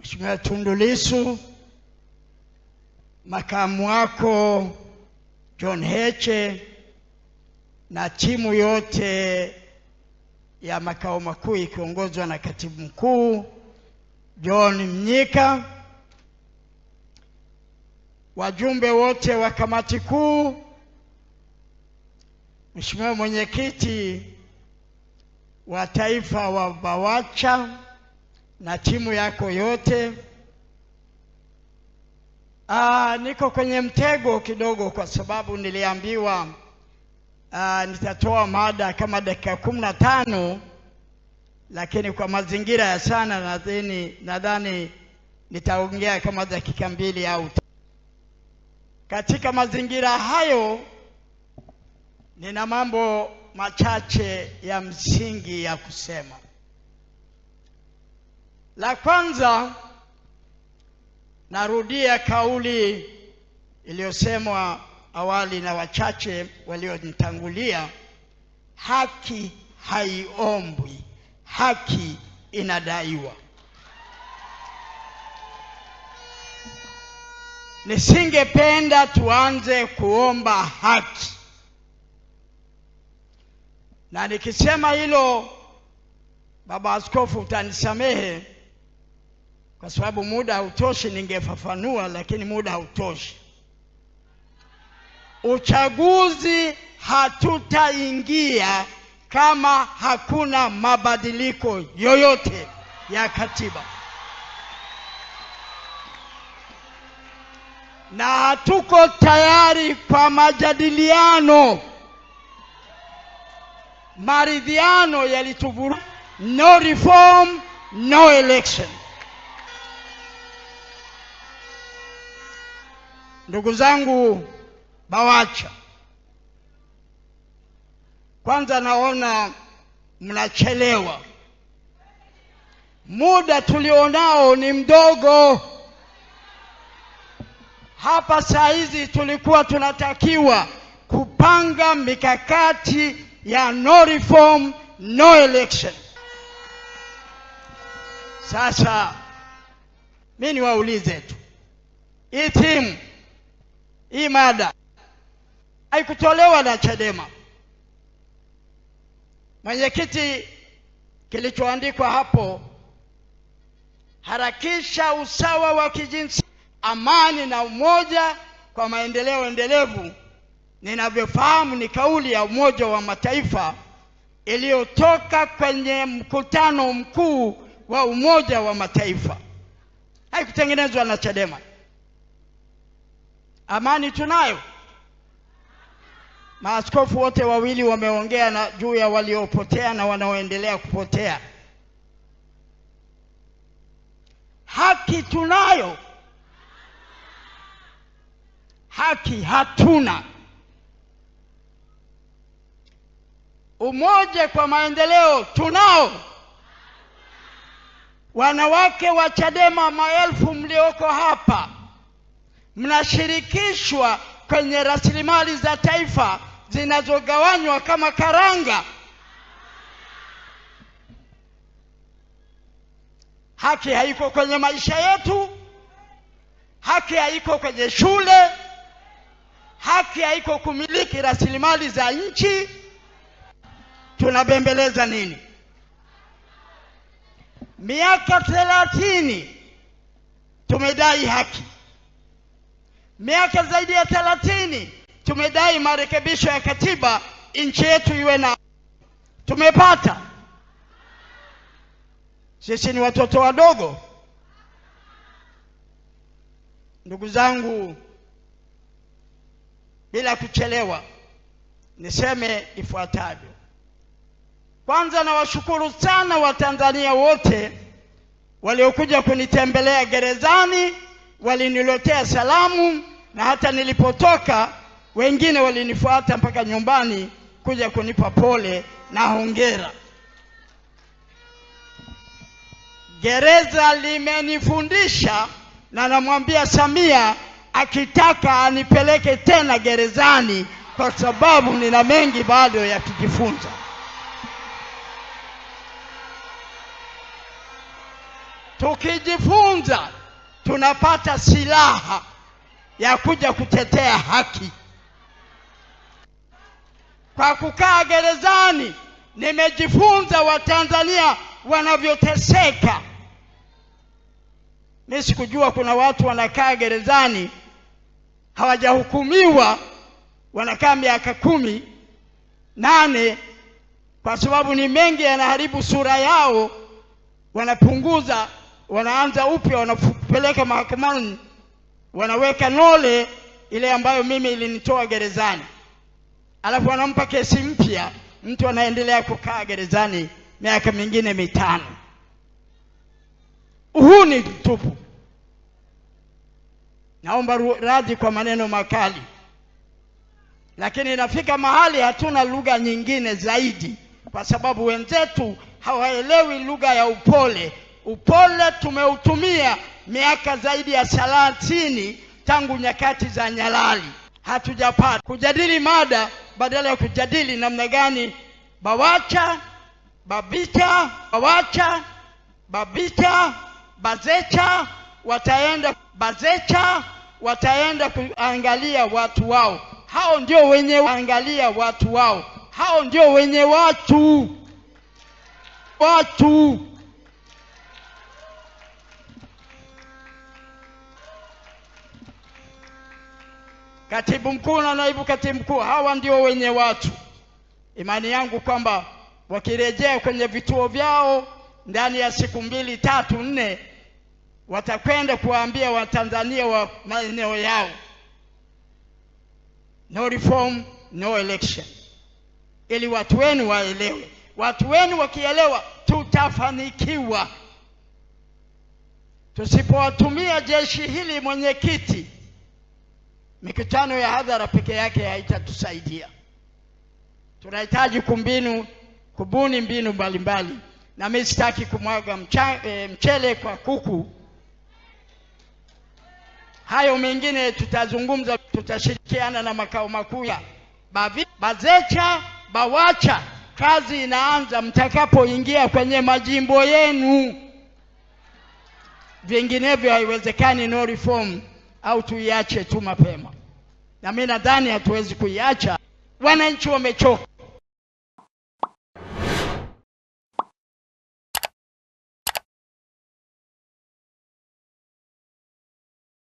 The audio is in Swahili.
Mheshimiwa Tundu Lissu, makamu wako John Heche na timu yote ya makao makuu ikiongozwa na katibu mkuu John Mnyika, wajumbe wote wa kamati kuu, Mheshimiwa mwenyekiti wa taifa wa BAWACHA na timu yako yote. Aa, ah, niko kwenye mtego kidogo kwa sababu niliambiwa aa, ah, nitatoa mada kama dakika kumi na tano lakini kwa mazingira ya sana nadhani nadhani nitaongea kama dakika mbili au katika mazingira hayo nina mambo machache ya msingi ya kusema. La kwanza narudia kauli iliyosemwa awali na wachache walionitangulia, haki haiombwi, haki inadaiwa. Nisingependa tuanze kuomba haki, na nikisema hilo, baba askofu, utanisamehe kwa sababu muda hautoshi, ningefafanua lakini muda hautoshi. Uchaguzi hatutaingia kama hakuna mabadiliko yoyote ya katiba, na hatuko tayari kwa majadiliano. Maridhiano yalituvuru, No reform, no election. Ndugu zangu BAWACHA, kwanza naona mnachelewa. Muda tulionao ni mdogo. Hapa saa hizi tulikuwa tunatakiwa kupanga mikakati ya no reform no election. Sasa mi niwaulize tu hii timu hii mada haikutolewa na Chadema. Mwenyekiti, kilichoandikwa hapo, harakisha usawa wa kijinsia, amani na umoja kwa maendeleo endelevu, ninavyofahamu ni kauli ya Umoja wa Mataifa iliyotoka kwenye mkutano mkuu wa Umoja wa Mataifa, haikutengenezwa na Chadema. Amani tunayo. Maaskofu wote wawili wameongea na juu ya waliopotea na wanaoendelea kupotea. Haki tunayo. Haki hatuna. Umoja kwa maendeleo tunao. Wanawake wa Chadema maelfu mlioko hapa mnashirikishwa kwenye rasilimali za taifa zinazogawanywa kama karanga. Haki haiko kwenye maisha yetu, haki haiko kwenye shule, haki haiko kumiliki rasilimali za nchi. Tunabembeleza nini? Miaka thelathini tumedai haki. Miaka zaidi ya thelathini tumedai marekebisho ya katiba nchi yetu iwe na, tumepata? Sisi ni watoto wadogo, ndugu zangu. Bila kuchelewa, niseme ifuatavyo. Kwanza, nawashukuru sana Watanzania wote waliokuja kunitembelea gerezani waliniletea salamu na hata nilipotoka wengine walinifuata mpaka nyumbani kuja kunipa pole na hongera. Gereza limenifundisha na namwambia Samia akitaka anipeleke tena gerezani, kwa sababu nina mengi bado ya kujifunza. Tukijifunza tunapata silaha ya kuja kutetea haki. Kwa kukaa gerezani, nimejifunza Watanzania wanavyoteseka. Mimi sikujua kuna watu wanakaa gerezani hawajahukumiwa, wanakaa miaka kumi nane, kwa sababu ni mengi yanaharibu sura yao, wanapunguza wanaanza upya, wanapeleka mahakamani, wanaweka nole ile ambayo mimi ilinitoa gerezani, alafu wanampa kesi mpya. Mtu anaendelea kukaa gerezani miaka mingine mitano. Huu ni tupu. Naomba radhi kwa maneno makali, lakini inafika mahali hatuna lugha nyingine zaidi, kwa sababu wenzetu hawaelewi lugha ya upole Upole tumeutumia miaka zaidi ya thelathini tangu nyakati za Nyalali, hatujapata kujadili mada badala ya kujadili namna gani BAWACHA BABICHA BAWACHA BABICHA BAZECHA wataenda BAZECHA wataenda kuangalia watu wao, hao ndio wenye angalia watu wao, hao ndio wenye watu watu Katibu mkuu na naibu katibu mkuu, hawa ndio wenye watu. Imani yangu kwamba wakirejea kwenye vituo vyao ndani ya siku mbili tatu nne, watakwenda kuwaambia Watanzania wa maeneo yao, no reform no election, ili watu wenu waelewe. Watu wenu wakielewa, tutafanikiwa. Tusipowatumia jeshi hili, mwenyekiti Mikutano ya hadhara peke yake haitatusaidia. Tunahitaji kumbinu kubuni mbinu mbalimbali mbali. Na mimi sitaki kumwaga e, mchele kwa kuku. Hayo mengine tutazungumza, tutashirikiana na makao makuu ya BAZECHA, BAWACHA. Kazi inaanza mtakapoingia kwenye majimbo yenu, vinginevyo haiwezekani. No reform au tuiache tu mapema? Na mimi nadhani hatuwezi kuiacha, wananchi wamechoka.